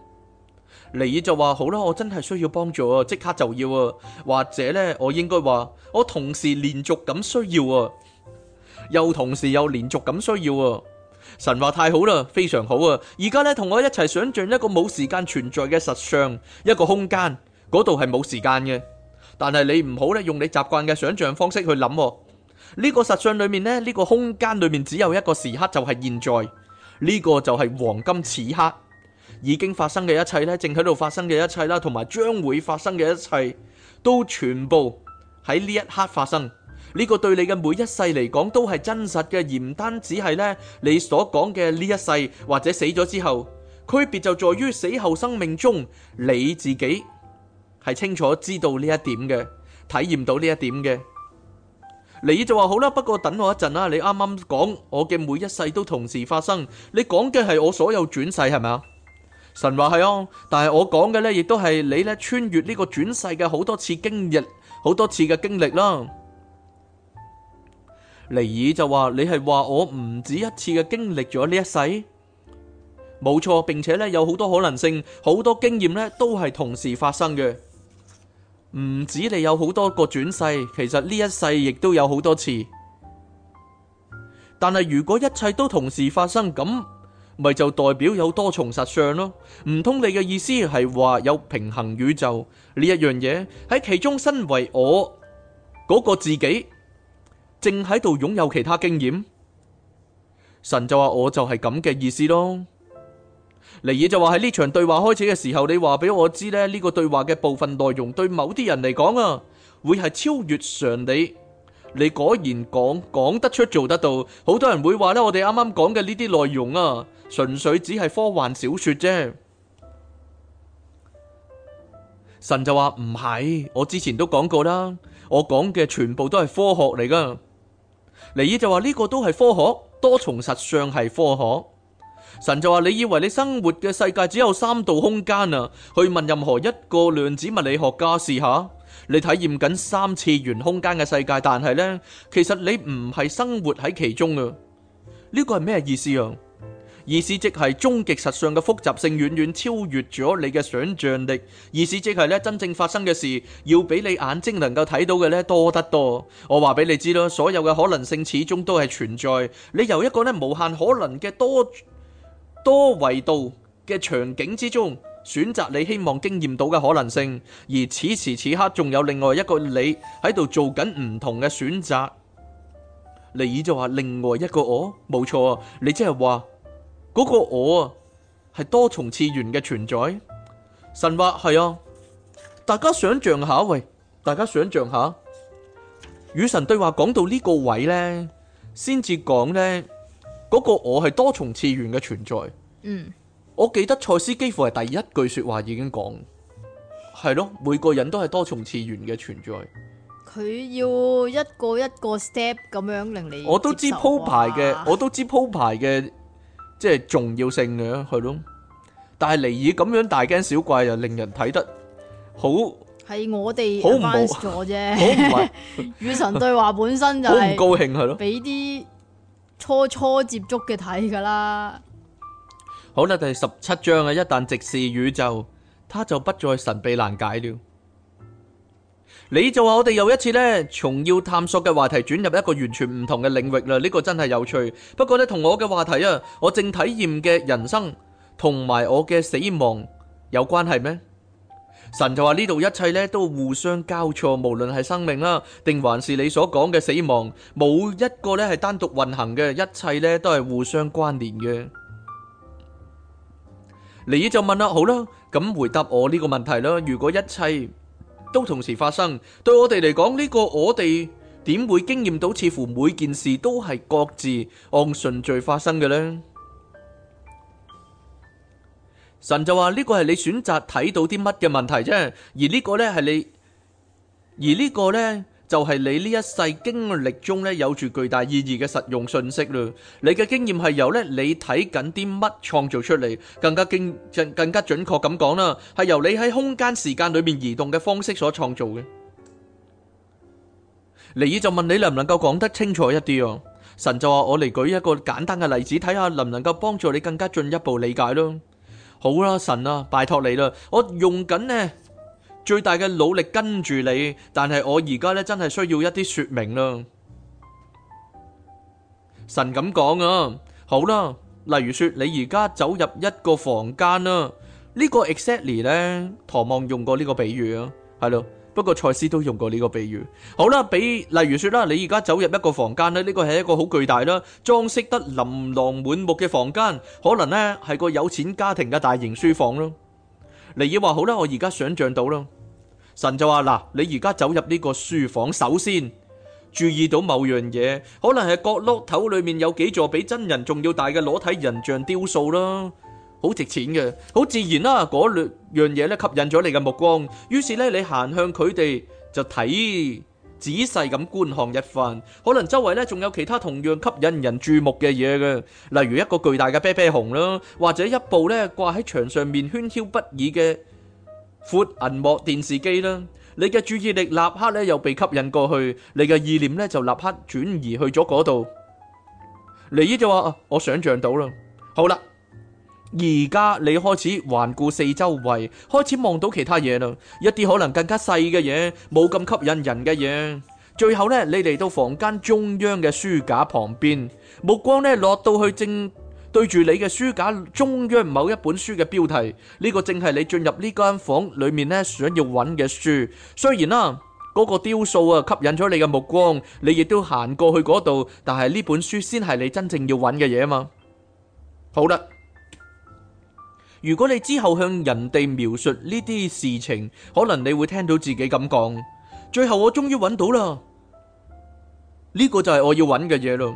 尼爾就話：好啦，我真係需要幫助啊，即刻就要啊，或者咧我應該話，我同時連續咁需要啊，又同時又連續咁需要啊。神話太好啦，非常好啊！而家咧同我一齊想象一個冇時間存在嘅實相，一個空間，嗰度係冇時間嘅。但係你唔好咧，用你習慣嘅想象方式去諗。呢個實相裏面呢，呢個空間裏面只有一個時刻，就係現在。呢個就係黃金此刻，已經發生嘅一切呢，正喺度發生嘅一切啦，同埋將會發生嘅一切，都全部喺呢一刻發生。呢個對你嘅每一世嚟講都係真實嘅，而唔單止係呢你所講嘅呢一世或者死咗之後，區別就在於死後生命中你自己係清楚知道呢一點嘅，體驗到呢一點嘅，尼爾就話好啦，不過等我一陣啦。你啱啱講我嘅每一世都同時發生，你講嘅係我所有轉世係咪啊？神話，係哦，但係我講嘅呢，亦都係你穿越呢個轉世嘅好多次經歷，好多次嘅經歷啦。尼爾就話你係話我唔止一次嘅經歷咗呢一世，冇錯，並且呢，有好多可能性，好多經驗呢，都係同時發生嘅。唔止你有好多個轉世，其實呢一世亦都有好多次。但係如果一切都同時發生，咁咪就代表有多重實相咯。唔通你嘅意思係話有平衡宇宙呢一樣嘢？喺其中身為我嗰個自己，正喺度擁有其他經驗。神就話我就係咁嘅意思咯。尼爾就話喺呢場對話開始嘅時候，你話俾我知呢、呢個對話嘅部分內容對某啲人嚟講啊，會係超越常理。你果然講講得出做得到，好多人會話呢，我哋啱啱講嘅呢啲內容啊，純粹只係科幻小說啫。神就話唔係，我之前都講過啦，我講嘅全部都係科學嚟噶。尼爾就話呢個都係科學，多重實相係科學。神就話：你以為你生活嘅世界只有三度空間啊？去問任何一個量子物理學家試下，你體驗緊三次元空間嘅世界，但係呢，其實你唔係生活喺其中啊！呢個係咩意思啊？意思即係終極實上嘅複雜性遠遠超越咗你嘅想象力，意思即係咧真正發生嘅事要比你眼睛能夠睇到嘅咧多得多。我話俾你知囉，所有嘅可能性始終都係存在。你由一個咧無限可能嘅多。多維度嘅場景之中，選擇你希望經驗到嘅可能性，而此時此刻仲有另外一個你喺度做緊唔同嘅選擇。你就話另外一個我，冇錯啊！你即係話嗰個我啊，係多重次元嘅存在。神話係啊，大家想象下喂，大家想象下，與神對話講到呢個位呢，先至講呢，嗰個我係多重次元嘅存在。嗯，我記得賽斯幾乎係第一句說話已經講，係咯，每個人都係多重次元嘅存在。
佢、嗯、要一個一個 step 咁樣令你我，我都知鋪
排嘅，我都知鋪排嘅即係重要性嘅，係咯。但係尼爾咁樣大驚小怪，又令人睇得好
係我哋好唔好咗啫？好唔係與神對話本身就好唔 高興，係咯，俾啲初初接觸嘅睇㗎啦。
好啦，第十七章啊，一旦直視宇宙，他就不再神秘難解了。你就話我哋又一次呢，從要探索嘅話題轉入一個完全唔同嘅領域啦。呢個真係有趣，不過呢，同我嘅話題啊，我正體驗嘅人生同埋我嘅死亡有關係咩？神就話呢度一切呢都互相交錯，無論係生命啦，定還是你所講嘅死亡，冇一個呢係單獨運行嘅，一切呢都係互相關聯嘅。尼爾就問啦，好啦，咁回答我呢個問題啦。如果一切都同時發生，對我哋嚟講，呢個我哋點會經驗到似乎每件事都係各自按順序發生嘅呢？神就話呢個係你選擇睇到啲乜嘅問題啫，而呢個呢，係你，而呢個呢。就係你呢一世經歷中咧，有住巨大意義嘅實用信息咯。你嘅經驗係由咧你睇緊啲乜創造出嚟，更加精更，更加準確咁講啦，係由你喺空間時間裏面移動嘅方式所創造嘅。尼爾就問，你能唔能夠講得清楚一啲啊？神就話，我嚟舉一個簡單嘅例子，睇下能唔能夠幫助你更加進一步理解咯。好啦，神啊，拜託你啦，我用緊呢。最大嘅努力跟住你，但係我而家咧真係需要一啲說明啦。神咁講啊，好啦，例如說你而家走入一個房間啦，呢個 exactly 咧，唐望用過呢個比喻啊，係咯，不過賽斯都用過呢個比喻。好啦，比例如說啦，你而家走入一個房間啦，呢個係一個好巨大啦，裝飾得琳琅滿目嘅房間，可能咧係個有錢家庭嘅大型書房咯。尼爾話好啦，我而家想象到啦。神就話嗱，你而家走入呢個書房，首先注意到某樣嘢，可能係角落頭裏面有幾座比真人仲要大嘅裸體人像雕塑啦，好值錢嘅，好自然啦。嗰兩樣嘢咧吸引咗你嘅目光，於是咧你行向佢哋就睇仔細咁觀看一番。可能周圍咧仲有其他同樣吸引人注目嘅嘢嘅，例如一個巨大嘅啤啤熊啦，或者一部咧掛喺牆上面喧囂不已嘅。闊銀幕電視機啦，你嘅注意力立刻咧又被吸引過去，你嘅意念咧就立刻轉移去咗嗰度。你依度話，我想象到啦。好啦，而家你開始環顧四周圍，開始望到其他嘢啦，一啲可能更加細嘅嘢，冇咁吸引人嘅嘢。最後咧，你嚟到房間中央嘅書架旁邊，目光咧落到去正。對住你嘅書架中央某一本書嘅標題，呢個正係你進入呢間房裏面呢想要揾嘅書。雖然啦，嗰個雕塑啊吸引咗你嘅目光，你亦都行過去嗰度，但係呢本書先係你真正要揾嘅嘢嘛。好啦，如果你之後向人哋描述呢啲事情，可能你會聽到自己咁講。最後我終於揾到啦，呢個就係我要揾嘅嘢咯。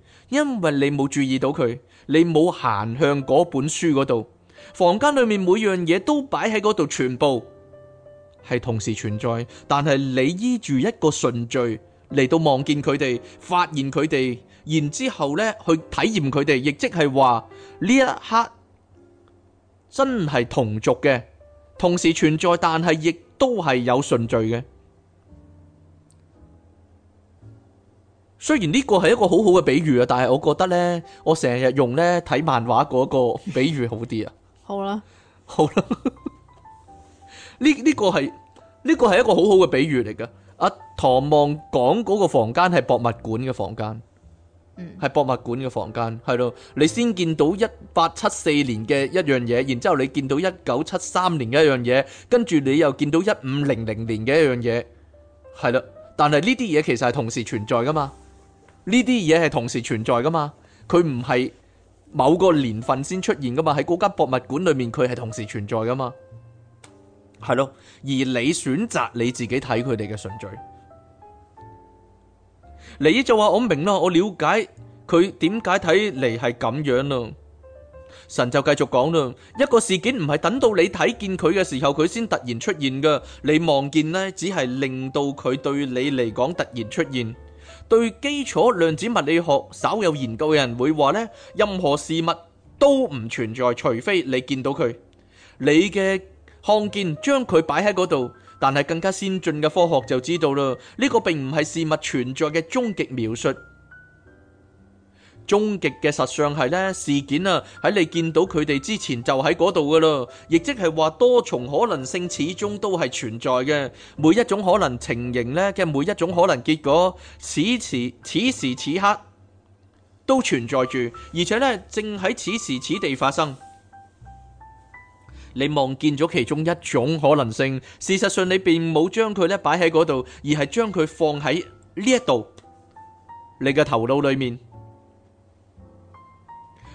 因為你冇注意到佢，你冇行向嗰本書嗰度，房間裏面每樣嘢都擺喺嗰度，全部係同時存在，但係你依住一個順序嚟到望見佢哋，發現佢哋，然之後咧去體驗佢哋，亦即係話呢一刻真係同族嘅，同時存在，但係亦都係有順序嘅。雖然呢個係一個好好嘅比喻啊，但係我覺得呢，我成日用呢睇漫畫嗰個比喻好啲啊。
好啦，好啦，
呢呢個係呢個係一個好好嘅比喻嚟噶。阿唐望講嗰個房間係博物館嘅房間，嗯，係博物館嘅房間，係咯。你先見到一八七四年嘅一樣嘢，然之後你見到一九七三年嘅一樣嘢，跟住你又見到一五零零年嘅一樣嘢，係啦。但係呢啲嘢其實係同時存在噶嘛。呢啲嘢係同時存在噶嘛？佢唔係某個年份先出現噶嘛？喺嗰間博物館裏面，佢係同時存在噶嘛？係咯了，而你選擇你自己睇佢哋嘅順序。嗯、你就話我明啦，我了解佢點解睇嚟係咁樣啦，啊。神就繼續講啦，一個事件唔係等到你睇見佢嘅時候，佢先突然出現㗎。你望見呢，只係令到佢對你嚟講突然出現。對基礎量子物理學稍有研究嘅人會話呢，任何事物都唔存在，除非你見到佢。你嘅看見將佢擺喺嗰度，但係更加先進嘅科學就知道啦。呢個並唔係事物存在嘅終極描述。終極嘅實相係咧事件啊，喺你見到佢哋之前就喺嗰度噶咯，亦即係話多重可能性始終都係存在嘅。每一種可能情形咧嘅每一種可能結果，此時此時此刻都存在住，而且咧正喺此時此地發生。你望見咗其中一種可能性，事實上你並冇將佢咧擺喺嗰度，而係將佢放喺呢一度你嘅頭腦裏面。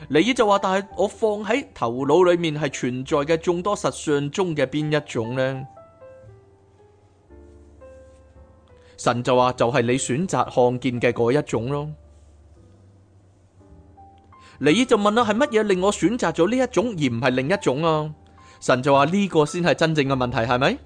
尼爾就話：但係我放喺頭腦裏面係存在嘅眾多實相中嘅邊一種呢？神就話：就係你選擇看見嘅嗰一種咯。尼爾就問啦：係乜嘢令我選擇咗呢一種而唔係另一種啊？神就話：呢個先係真正嘅問題，係咪？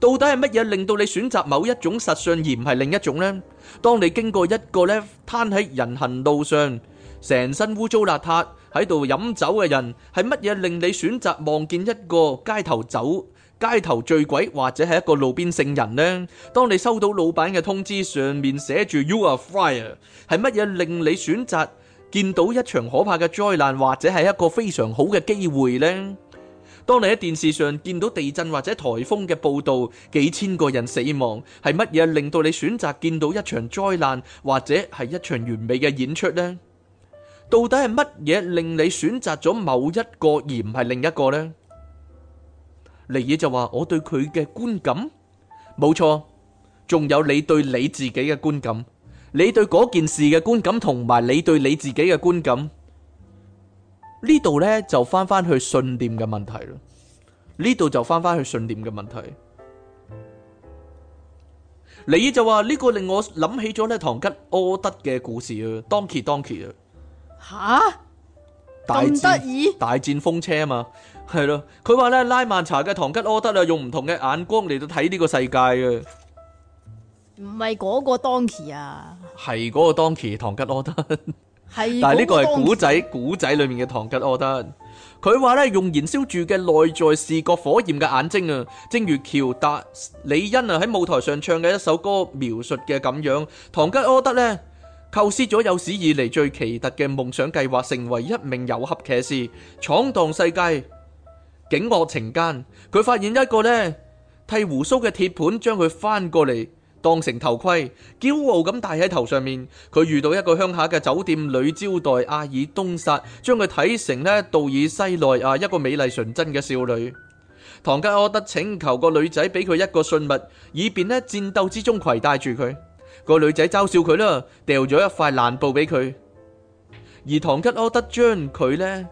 到底係乜嘢令到你選擇某一種實相而唔係另一種呢？當你經過一個咧，攤喺人行路上。成身污糟邋遢喺度飲酒嘅人，係乜嘢令你選擇望見一個街頭酒街頭醉鬼，或者係一個路邊聖人呢？當你收到老闆嘅通知，上面寫住 “You are fire”，係乜嘢令你選擇見到一場可怕嘅災難，或者係一個非常好嘅機會呢？當你喺電視上見到地震或者台風嘅報道，幾千個人死亡，係乜嘢令到你選擇見到一場災難，或者係一場完美嘅演出呢？到底係乜嘢令你選擇咗某一個而唔係另一個咧？尼爾就話我對佢嘅觀感，冇錯，仲有你對你自己嘅觀感，你對嗰件事嘅觀感同埋你對你自己嘅觀感。呢度咧就翻返去信念嘅問題啦。呢度就翻返去信念嘅問題。尼爾就話呢個令我諗起咗咧唐吉柯德嘅故事啊，當期當期啊！吓，咁得意？大戰風車啊嘛，係咯。佢話咧拉曼查嘅唐吉柯德啊，用唔同嘅眼光嚟到睇呢個世界嘅。唔
係嗰個 Donkey 啊，
係嗰個 Donkey 唐吉柯德。
係，但係呢個係古仔，
古仔裏面嘅唐吉柯德。佢話咧用燃燒住嘅內在視覺火焰嘅眼睛啊，正如喬達李恩啊喺舞台上唱嘅一首歌描述嘅咁樣，唐吉柯德咧。構思咗有史以嚟最奇特嘅夢想計劃，成為一名遊俠騎士，闖蕩世界，警惡懲奸。佢發現一個呢剃鬍鬚嘅鐵盤，將佢翻過嚟當成頭盔，驕傲咁戴喺頭上面。佢遇到一個鄉下嘅酒店女招待阿爾東薩，將佢睇成呢道爾西內亞一個美麗純真嘅少女。唐吉柯德請求個女仔俾佢一個信物，以便呢戰鬥之中携帶住佢。個女仔嘲笑佢啦，掉咗一塊爛布俾佢，而唐吉柯德將佢呢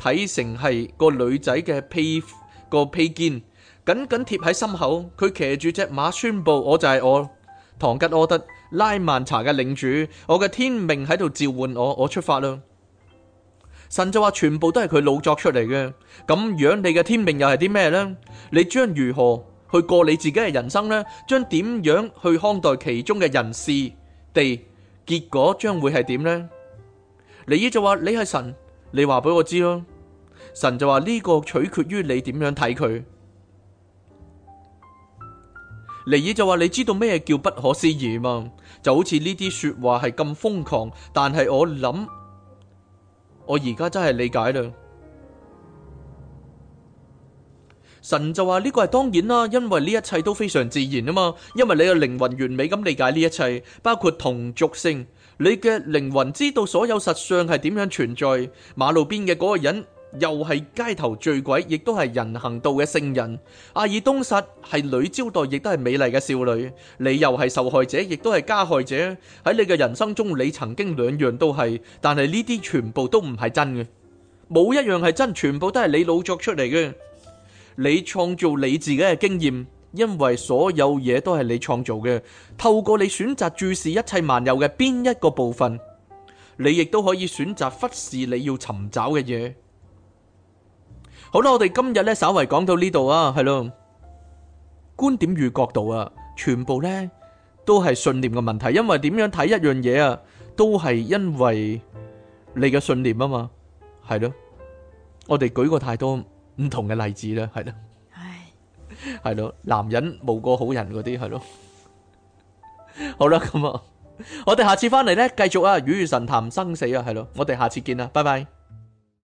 睇成係個女仔嘅披個披肩，緊緊貼喺心口。佢騎住隻馬宣布：我就係我，唐吉柯德，拉曼查嘅領主。我嘅天命喺度召喚我，我出發啦。神就話：全部都係佢老作出嚟嘅。咁樣，你嘅天命又係啲咩呢？你將如何？去過你自己嘅人生呢，將點樣去看待其中嘅人事地？結果將會係點呢？尼爾就話，你係神，你話俾我知咯。神就話，呢個取決於你點樣睇佢。尼爾就話，你知道咩叫不可思議嘛？就好似呢啲說話係咁瘋狂，但係我諗，我而家真係理解啦。神就話呢個係當然啦，因為呢一切都非常自然啊嘛，因為你嘅靈魂完美咁理解呢一切，包括同族性。你嘅靈魂知道所有實相係點樣存在。馬路邊嘅嗰個人又係街頭醉鬼，亦都係人行道嘅聖人。阿爾東薩係女招待，亦都係美麗嘅少女。你又係受害者，亦都係加害者。喺你嘅人生中，你曾經兩樣都係，但係呢啲全部都唔係真嘅，冇一樣係真，全部都係你老作出嚟嘅。你創造你自己嘅經驗，因為所有嘢都係你創造嘅。透過你選擇注視一切萬有嘅邊一個部分，你亦都可以選擇忽視你要尋找嘅嘢。好啦，我哋今日咧，稍微講到呢度啊，係咯，觀點與角度啊，全部呢都係信念嘅問題，因為點樣睇一樣嘢啊，都係因為你嘅信念啊嘛，係咯，我哋舉過太多。唔同嘅例子啦，係咯，係咯唉，男人冇過好人嗰啲，係咯， 好啦，咁啊，我哋下次翻嚟咧，繼續啊，與神談生死啊，係咯，我哋下次見啦，拜拜。